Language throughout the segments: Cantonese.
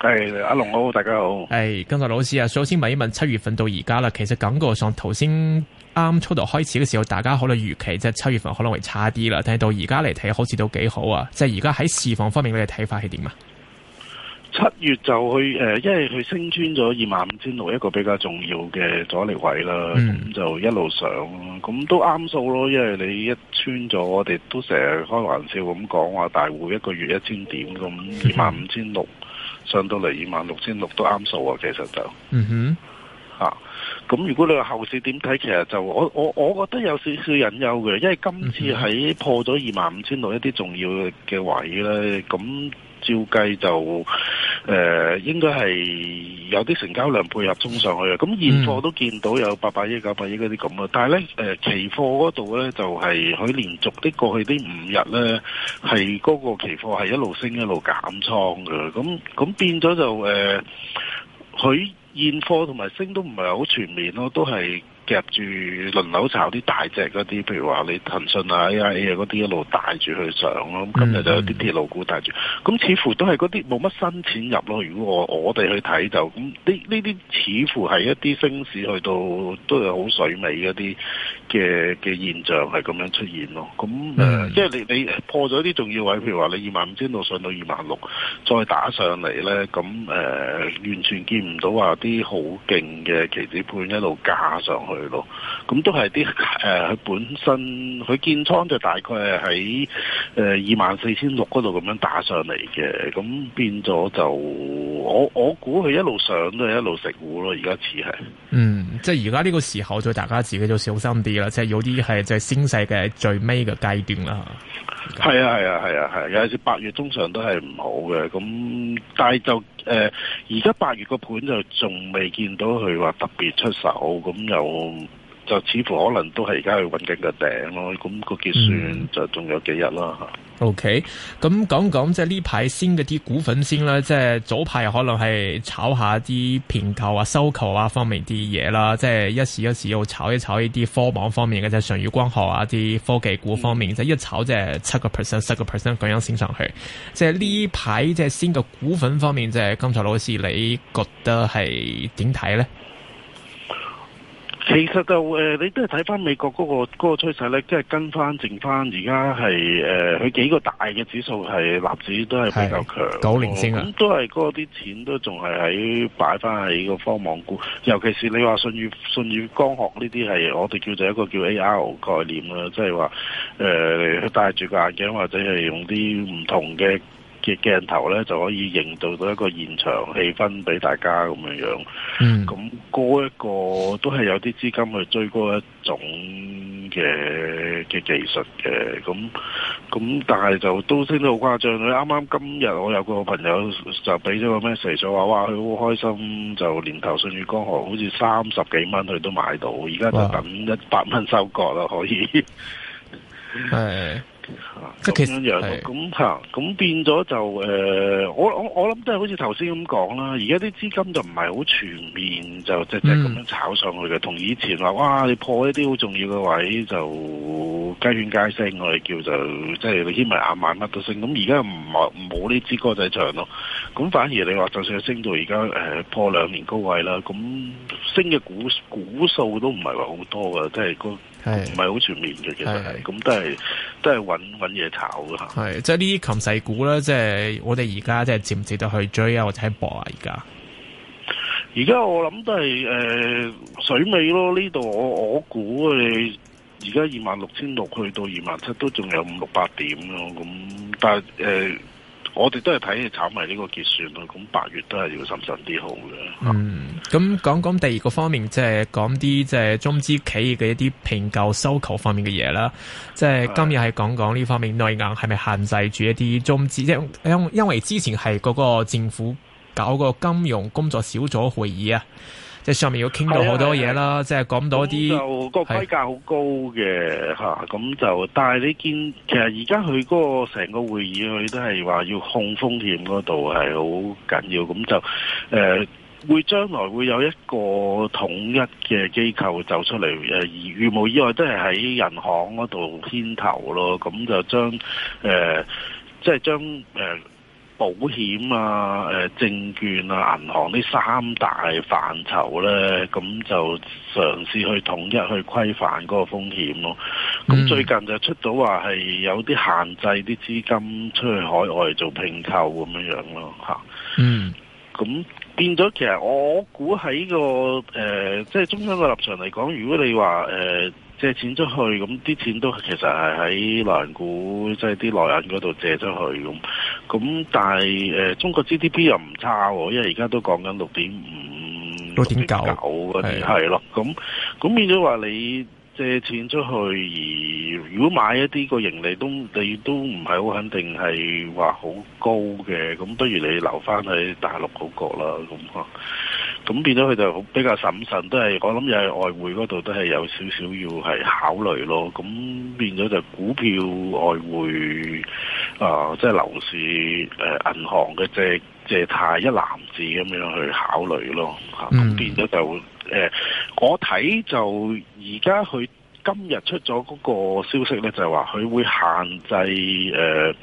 係阿龍好，大家好。係、哎、跟住老師啊，首先問一問，七月份到而家啦，其實感覺上頭先啱初頭開始嘅時候，大家可能預期即係七月份可能會差啲啦。但係到而家嚟睇，好似都幾好啊。即係而家喺市況方面你嘅睇法係點啊？七月就去誒、呃，因為佢升穿咗二萬五千六一個比較重要嘅阻力位啦。咁就一路上，咁、嗯、都啱數咯。因為你一穿咗，我哋都成日開玩笑咁講話，大戶一個月一千點咁，二萬五千六。上到嚟二萬六千六都啱數啊，其實就，嗯哼，啊、咁、如果你話後市點睇，其實就我我我覺得有少少隱憂嘅，因為今次喺破咗二萬五千六一啲重要嘅位咧，咁照計就。誒、呃、應該係有啲成交量配合衝上去，咁現貨都見到有八百億、九百億嗰啲咁啊，但係咧、呃、期貨嗰度咧就係、是、佢連續的過去啲五日咧係嗰個期貨係一路升一路減倉㗎。咁咁變咗就誒佢、呃、現貨同埋升都唔係好全面咯，都係。夾住輪流炒啲大隻嗰啲，譬如話你騰訊啊、AIA 嗰啲一路帶住去上咯。咁、嗯、今日就有啲鐵路股帶住，咁似乎都係嗰啲冇乜新錢入咯。如果我我哋去睇就咁，呢呢啲似乎係一啲升市去到都係好水尾嗰啲嘅嘅現象係咁樣出現咯。咁、嗯、即係你你破咗啲重要位，譬如話你二萬五千度上到二萬六，再打上嚟咧，咁、呃、完全見唔到話啲好勁嘅期指盤一路架上去。咯，咁都係啲誒，佢本身佢建倉就大概係喺二萬四千六嗰度咁樣打上嚟嘅，咁變咗就我我估佢一路上都係一路食糊咯，而家似係。嗯，即係而家呢個時候，就大家自己就小心啲啦，即係有啲係即係升勢嘅最尾嘅階段啦。係啊，係啊，係啊，係有時八月通常都係唔好嘅，咁但係就誒而家八月個盤就仲未見到佢話特別出手，咁又。就似乎可能都係而家去搵定個頂咯，咁、那個結算就仲有幾日啦吓。O K，咁講講即係呢排先嗰啲股份先啦，即係早排可能係炒下啲併購啊、收購啊方面啲嘢啦，即係一時一時又炒一炒呢啲科網方面嘅，就係舜宇光學啊啲科技股方面，即、嗯、係一炒即係七個 percent、七個 percent 咁樣升上去。即係呢排即係先個股份方面，即係剛才老師你覺得係點睇咧？其實就誒、呃，你都係睇翻美國嗰、那個嗰、那個趨勢咧，即係跟翻，剩翻而家係誒，佢幾個大嘅指數係納指都係比較強。九零星啊，咁都係嗰啲錢都仲係喺擺翻喺個科網股，尤其是你話信譽、信譽光學呢啲係我哋叫做一個叫 AR 概念啦，即係話誒，戴、呃、住個眼鏡或者係用啲唔同嘅。嘅鏡頭咧，就可以營造到一個現場氣氛俾大家咁樣樣。嗯，咁嗰一個都係有啲資金去追高一種嘅嘅技術嘅。咁咁，但係就都升得好誇張。佢啱啱今日我有個朋友就俾咗個 message，話：哇，佢好開心，就年頭舜宇光學好似三十幾蚊佢都買到，而家就等一百蚊收割啦，可以。係。 咁樣樣咁嚇，咁變咗就誒、呃，我我我諗都係好似頭先咁講啦。而家啲資金就唔係好全面，就即係咁樣炒上去嘅。同以前話哇，你破一啲好重要嘅位就雞犬皆升，我哋叫就即係起埋廿萬乜都升。咁而家唔冇冇呢支歌仔唱咯。咁反而你話，就算升到而家誒破兩年高位啦，咁升嘅股股數都唔係話好多㗎，即係唔係好全面嘅。其實係咁，都係都係揾揾。嘢炒噶，係即係呢啲琴細股咧，即係我哋而家即係值唔值得去追啊，或者係博啊？而家而家我諗都係誒水尾咯，呢度我我估你而家二萬六千六去到二萬七都仲有五六百點咯，咁但係誒。呃 我哋都係睇炒埋呢個結算咯，咁八月都係要審慎啲好嘅。嗯，咁講講第二個方面，即係講啲即係中資企業嘅一啲評購收購方面嘅嘢啦。即係今日係講講呢方面內銀係咪限制住一啲中資，即係因因為之前係嗰個政府搞個金融工作小組會議啊。即係上面要傾到好多嘢啦，即係講多啲，咁就個規格好高嘅吓，咁、啊、就，但係你見其實而家佢嗰個成個會議，佢都係話要控風險嗰度係好緊要，咁就誒、呃、會將來會有一個統一嘅機構走出嚟，誒而預無意外都係喺銀行嗰度牽頭咯，咁就將誒即係將誒。呃就是保險啊、誒、呃、證券啊、銀行呢三大範疇咧，咁就嘗試去統一去規範嗰個風險咯。咁最近就出到話係有啲限制啲資金出去海外做拼購咁樣囉。咯嗯，咁變咗其實我估喺個、呃、即係中央嘅立場嚟講，如果你話誒，借錢出去，咁啲錢都其實係喺內銀股，即係啲內銀嗰度借出去咁。咁但係、呃、中國 GDP 又唔差喎，因為而家都講緊六點五、六點九嗰啲，係咯。咁咁變咗話你借錢出去，而如果買一啲個盈利都，你都唔係好肯定係話好高嘅。咁不如你留返喺大陸好過啦咁啊。咁變咗佢就比較審慎，都係我諗又係外匯嗰度都係有少少要係考慮咯。咁變咗就股票、外匯啊，即、呃、係、就係、樓市、呃、銀行嘅借借貸一攬子咁樣去考慮咯。咁變咗就、呃、我睇就而家佢今日出咗嗰個消息咧，就話、係、佢會限制誒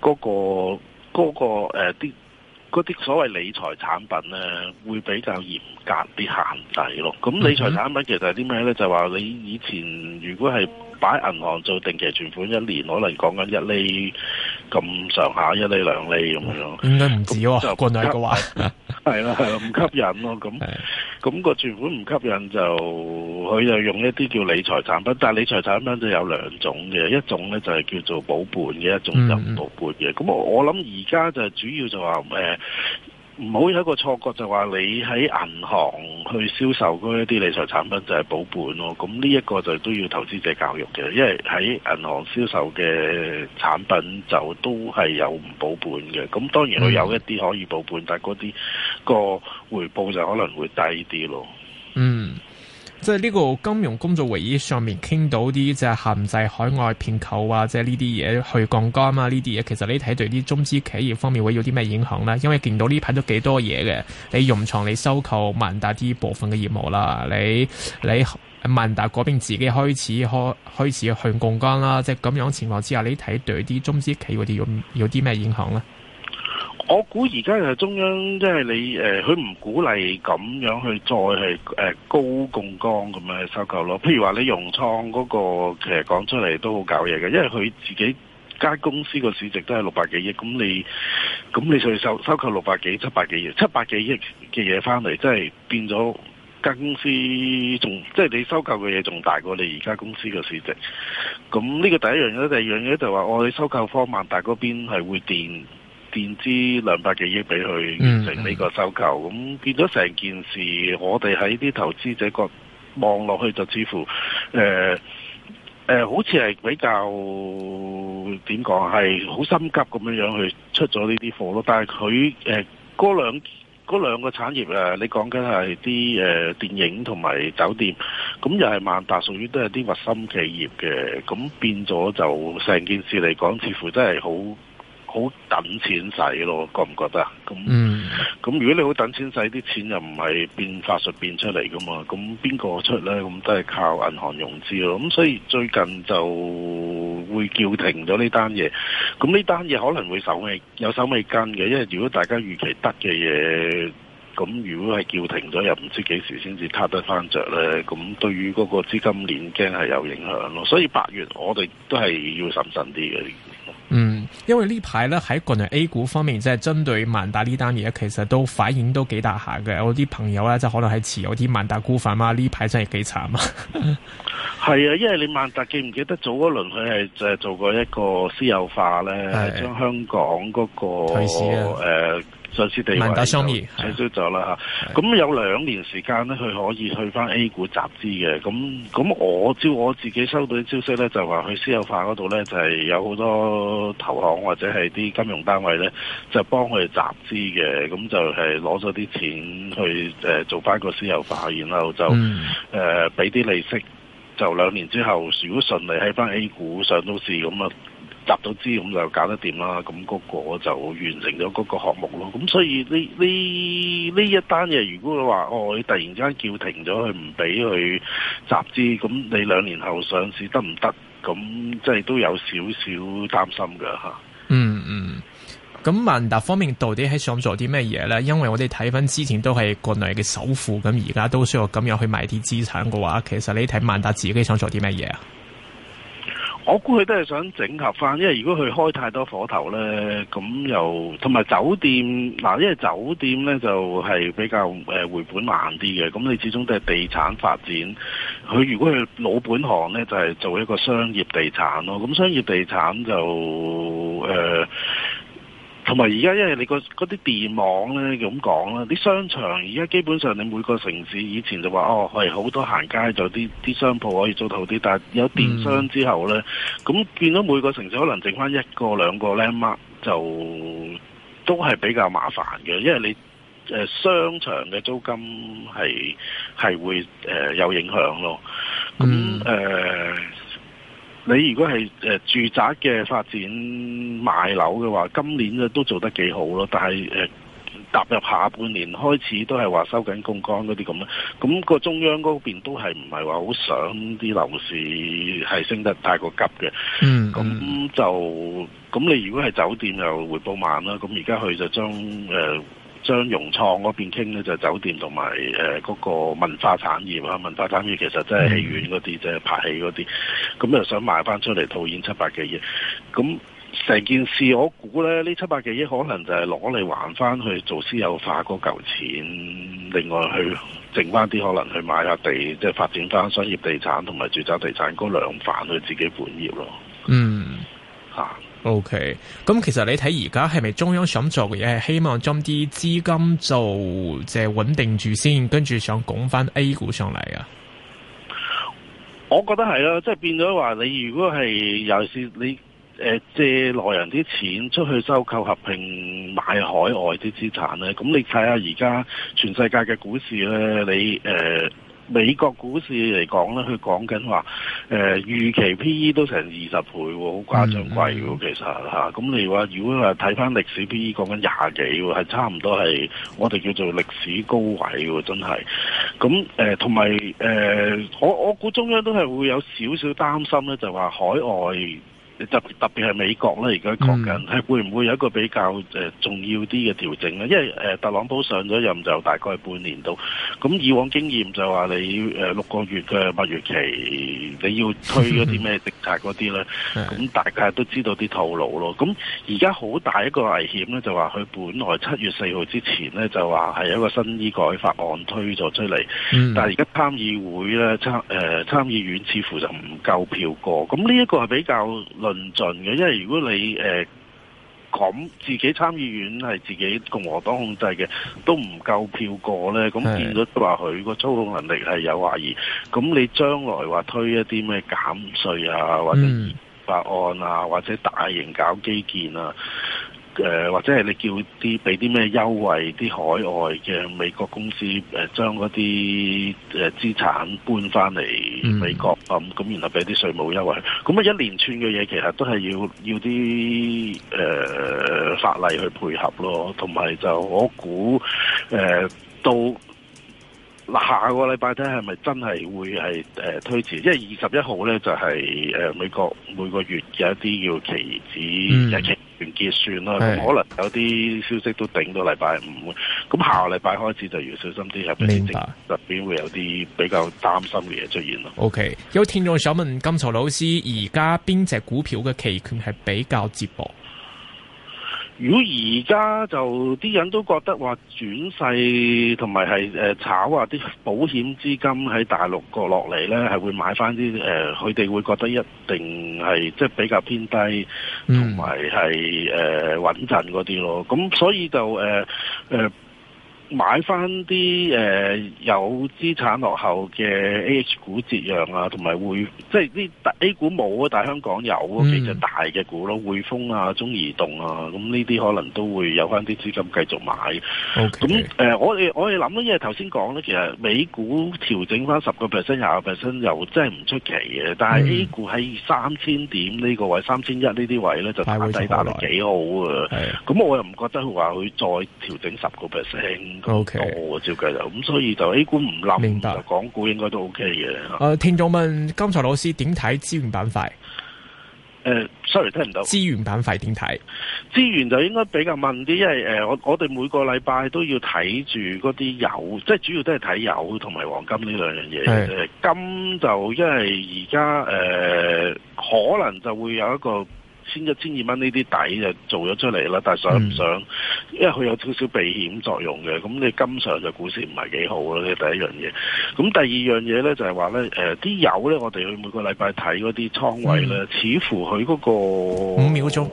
嗰、呃嗰個嗰、嗰個啲。呃嗰啲所謂理財產品咧，會比較嚴格啲限制咯。咁理財產品其實係啲咩咧？就係話你以前如果係擺銀行做定期存款一年，可能講緊一厘咁上下，一厘兩厘咁樣，應該唔止喎。就冠話，係啦，係啦，唔吸引咯。咁咁個、, 那個存款唔吸引就，就佢又用一啲叫理財產品。但係理財產品就有兩種嘅，一種咧就係叫做保本嘅，一種就唔保本嘅。咁、嗯嗯、我諗諗而家就主要就話、是、誒。呃唔好有一個錯覺就話你喺銀行去銷售嗰一啲理財產品就係保本咯，咁呢一個就都要投資者教育嘅，因為喺銀行銷售嘅產品就都係有唔保本嘅，咁當然佢有一啲可以保本，但嗰啲個回報就可能會低啲咯。嗯。即係呢個金融工作會議上面傾到啲即係限制海外併購啊，即係呢啲嘢，去槓桿啊，呢啲嘢其實你睇對啲中資企業方面會有啲咩影響咧？因為見到呢排都幾多嘢嘅，你融創你收購萬達啲部分嘅業務啦，你你萬達嗰邊自己開始開開始去槓桿啦，即係咁樣情況之下，你睇對啲中資企業啲有有啲咩影響咧？我估而家就是中央，即、就、係、是、你誒，佢、呃、唔鼓勵咁樣去再係誒、呃、高槓杆咁樣收購咯。譬如話你融創嗰、那個，其實講出嚟都好搞嘢嘅，因為佢自己間公司嘅市值都係六百幾億，咁你咁你去收收購六百幾、七百幾億、七百幾億嘅嘢翻嚟，真、就、係、是、變咗間公司仲即係你收購嘅嘢仲大過你而家公司嘅市值。咁呢個第一樣嘢，第二樣嘢就話、是、我哋收購方萬達嗰邊係會電。墊資兩百幾億俾佢完成呢個收購，咁變咗成件事，我哋喺啲投資者角望落去就似乎，誒、呃、誒、呃，好似係比較點講係好心急咁樣樣去出咗呢啲貨咯。但係佢誒嗰兩嗰兩個產業誒，你講緊係啲誒電影同埋酒店，咁又係萬達屬於都係啲核心企業嘅，咁變咗就成件事嚟講，似乎真係好。好等錢使咯，覺唔覺得啊？咁咁、嗯、如果你好等錢使，啲錢又唔係變法術變出嚟㗎嘛？咁邊個出咧？咁都係靠銀行融資咯。咁所以最近就會叫停咗呢單嘢。咁呢單嘢可能會手尾有手尾跟嘅，因為如果大家預期得嘅嘢，咁如果係叫停咗，又唔知幾時先至撻得翻著咧。咁對於嗰個資金鏈驚係有影響咯。所以八月我哋都係要審慎啲嘅。因為呢排咧喺國內 A 股方面，即係針對萬達呢單嘢，其實都反映都幾大下嘅。我啲朋友咧，即係可能係持有啲萬達股份嘛，呢排真係幾慘啊！係啊，因為你萬達記唔記得早嗰輪佢係就係做過一個私有化咧，將香港嗰個退市誒。萬達商業取消咗啦，咁、啊、有兩年時間咧，佢可以去翻 A 股集資嘅。咁咁我照我自己收到啲消息咧，就話去私有化嗰度咧，就係、是、有好多投行或者係啲金融單位咧，就幫佢集資嘅。咁就係攞咗啲錢去誒、嗯、做翻個私有化，然後就誒俾啲利息。就兩年之後，如果順利喺翻 A 股上到市咁啊！集到資咁就搞得掂啦，咁嗰個就完成咗嗰個項目咯。咁所以呢呢呢一單嘢，如果你話哦，突然之間叫停咗，佢唔俾佢集資，咁你兩年後上市得唔得？咁即係都有少少擔心㗎吓。嗯嗯，咁萬達方面到底係想做啲咩嘢呢？因為我哋睇翻之前都係國內嘅首富，咁而家都需要咁樣去賣啲資產嘅話，其實你睇萬達自己想做啲咩嘢啊？我估佢都係想整合翻，因為如果佢開太多火頭呢，咁又同埋酒店，嗱，因為酒店呢就係比較誒回本慢啲嘅，咁你始終都係地產發展，佢如果係老本行呢，就係做一個商業地產咯，咁商業地產就誒。呃同埋而家，因為你個嗰啲電網咧咁講啦，啲商場而家基本上你每個城市以前就話哦，係好多行街就啲啲商鋪，可以租到啲。但係有電商之後咧，咁變咗每個城市可能剩翻一個兩個 landmark，就都係比較麻煩嘅，因為你誒、呃、商場嘅租金係係會誒、呃、有影響咯，咁誒。嗯呃你如果係誒、呃、住宅嘅發展賣樓嘅話，今年咧都做得幾好咯。但係誒、呃、踏入下半年開始，都係話收緊槓桿嗰啲咁咯。咁、那個中央嗰邊都係唔係話好想啲樓市係升得太過急嘅。嗯、mm -hmm.，咁就咁你如果係酒店又回報慢啦。咁而家佢就將誒。呃將融創嗰邊傾咧就係、酒店同埋嗰個文化產業啊，文化產業其實真係戲院嗰啲，即、嗯、係拍戲嗰啲，咁又想賣翻出嚟套現七百幾億，咁成件事我估咧，呢七百幾億可能就係攞嚟還翻去做私有化嗰嚿錢，另外去剩翻啲可能去買下地，即、就、係、是、發展翻商業地產同埋住宅地產嗰兩飯去自己本業咯。嗯，啊。O K，咁其實你睇而家係咪中央想做嘅嘢，係希望將啲資金做，即係穩定住先，跟住想拱翻 A 股上嚟啊？我覺得係啦，即係變咗話你如果係尤其是你誒借內人啲錢出去收購合併買海外啲資產咧，咁你睇下而家全世界嘅股市咧，你誒。呃美國股市嚟講咧，佢講緊話，誒預期 P E 都成二十倍喎，好誇張貴喎、嗯，其實嚇。咁你話如果話睇翻歷史 P E，講緊廿幾喎，係差唔多係我哋叫做歷史高位喎，真係。咁誒同埋誒，我我估中央都係會有少少擔心咧，就係話海外。特別特別係美國咧，而家講緊係會唔會有一個比較誒、呃、重要啲嘅調整呢？因為誒、呃、特朗普上咗任就大概半年到，咁以往經驗就話你誒、呃、六個月嘅蜜月期，你要推嗰啲咩政策嗰啲咧，咁 大家都知道啲套路咯。咁而家好大一個危險咧，就話佢本來七月四號之前咧就話係一個新醫改法案推咗出嚟、嗯，但係而家參議會咧參誒、呃、參議院似乎就唔夠票過。咁呢一個係比較～論盡嘅，因為如果你誒講、呃、自己參議院係自己共和黨控制嘅，都唔夠票過咧，咁變咗話佢個操控能力係有懷疑。咁你將來話推一啲咩減稅啊，或者法案啊，或者大型搞基建啊，誒、呃，或者係你叫啲俾啲咩優惠啲海外嘅美國公司誒、呃，將嗰啲誒資產搬翻嚟美國。嗯咁、嗯、咁，然後俾啲稅務優惠，咁啊一連串嘅嘢，其實都係要要啲誒、呃、法例去配合咯，同埋就我估誒、呃、到下個禮拜睇係咪真係會係誒、呃、推遲，因為二十一號咧就係、是、誒、呃、美國每個月有一啲叫期指日期。嗯結算啦，可能有啲消息都頂到禮拜五，咁下個禮拜開始就要小心啲，入邊特別會有啲比較擔心嘅嘢出現咯。OK，有聽眾想問金曹老師，而家邊隻股票嘅期權係比較接博？如果而家就啲人都覺得話轉勢同埋係炒啊，啲保險資金喺大陸過落嚟咧，係會買翻啲誒，佢哋會覺得一定係即係比較偏低，同埋係誒穩陣嗰啲咯。咁所以就誒誒。呃呃買翻啲誒有資產落後嘅 A H 股折讓啊，同埋會即係呢 A 股冇啊，但係香港有啊，嗯、其實大嘅股咯、啊，匯豐啊、中移動啊，咁呢啲可能都會有翻啲資金繼續買。咁、okay. 誒、嗯呃，我哋我哋諗咧，即係頭先講咧，其實美股調整翻十個 percent、廿個 percent 又真係唔出奇嘅，但係 A 股喺三千點呢個位、嗯、三千一呢啲位咧，就打底打到幾好啊。咁、嗯、我又唔覺得佢話會再調整十個 percent。O K，我照計就。咁所以就 A 股唔冧，明白，就港股應該都 O K 嘅。誒、呃，聽眾問，金曹老師點睇資源板塊？誒、呃、sorry，聽唔到。資源板塊點睇？資源就應該比較悶啲，因為誒、呃，我我哋每個禮拜都要睇住嗰啲油，即係主要都係睇油同埋黃金呢兩樣嘢。誒、呃，金就因為而家誒，可能就會有一個。千一千二蚊呢啲底就做咗出嚟啦，但係想唔想、嗯？因為佢有少少避險作用嘅。咁你今上就股市唔係幾好咯。呢第一樣嘢，咁第二樣嘢咧就係話咧，誒、呃，啲油咧，我哋去每個禮拜睇嗰啲倉位咧、嗯，似乎佢嗰、嗰個五秒鐘，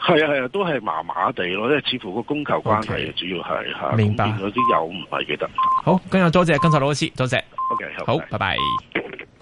係啊係啊，都係麻麻地咯，即係似乎個供求關係主要係係、okay 啊。明白。有、嗯、啲油唔係幾得好，今日多謝金澤老師，多謝、謝 okay, 好。好，拜拜。Bye bye